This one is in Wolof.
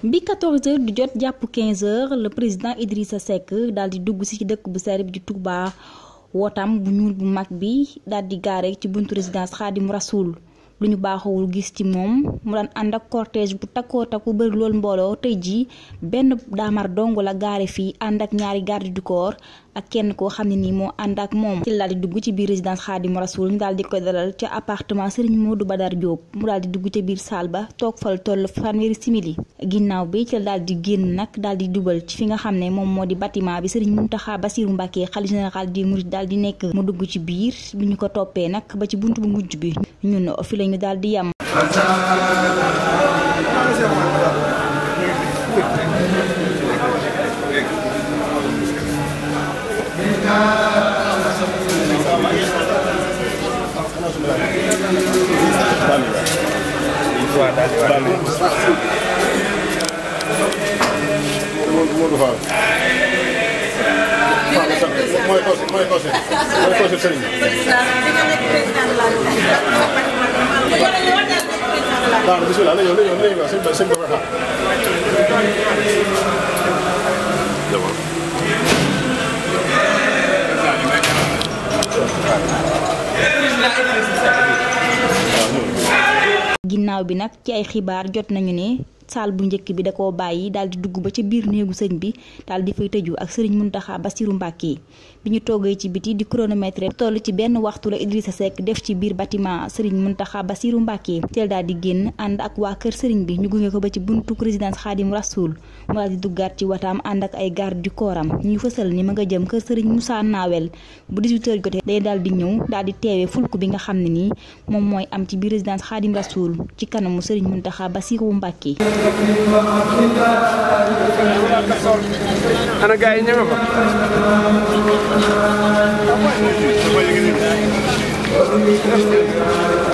bi 14 di jot jàpp 15h le président Idrissa Seck daal di dugg si ci dëkk bu sell bi di Touba wootam bu ñuul bu mag bi daal di gaare ci buntu résidence Xaadimu Rasuul lu ñu baaxawul gis ci moom mu daan ànd ak cortège bu takkoo takku bëri loolu mbooloo tey jii benn daamar dong la gaare fii ànd ak ñaari garde du corps ak kenn koo xam ne nii moo ànd ak moom ci daal di dugg ci biir résidence Khadim Rasoul ñu daal di ko dalal ca appartement Serigne Modou Badar Diop mu daal di ca biir salle ba toog fal toll fanweeri simili ginnaaw bi ci la daal di génn nag daal di dugal ci fi nga xam ne moom moo di bâtiment bi Serigne Mountakha Bassirou Mbacké xalifa général di murid daal di nekk mu dugg ci biir bi ñu ko toppee nag ba ci bunt bu mujj bi ñu daal di yam mooy conseil mooy conseil mooy conseil sëriñ baax na ginnaaw bi nag ci ay xibaar jot nañu ne saal bu njëkk bi da koo bàyyi daal di dugg ba ca biir néegu sëñ bi daal di fay tëju ak sëriñ Muntaxa Basiru Mbàkke bi ñu toogee ci biti di chronomètre toll ci benn waxtu la sa Seck def ci biir bâtiment sëriñ Muntaxa Basiru Mbàkke teel daal di génn ànd ak waa kër sëriñ bi ñu gunge ko ba ci buntu résidence Xaadim Rasul mu daal di duggaat ci wataam ànd ak ay garde du corps am ñuy fësal ni ma nga jëm kër sëriñ Moussa Nawel bu 18h jotee daal di ñëw daal di teewee fulku bi nga xam ne nii moom mooy am ci biir résidence Xaadim Rasul ci kanamu sëriñ Muntaxa Basiru Mbàkke ana gars yi ñeme fa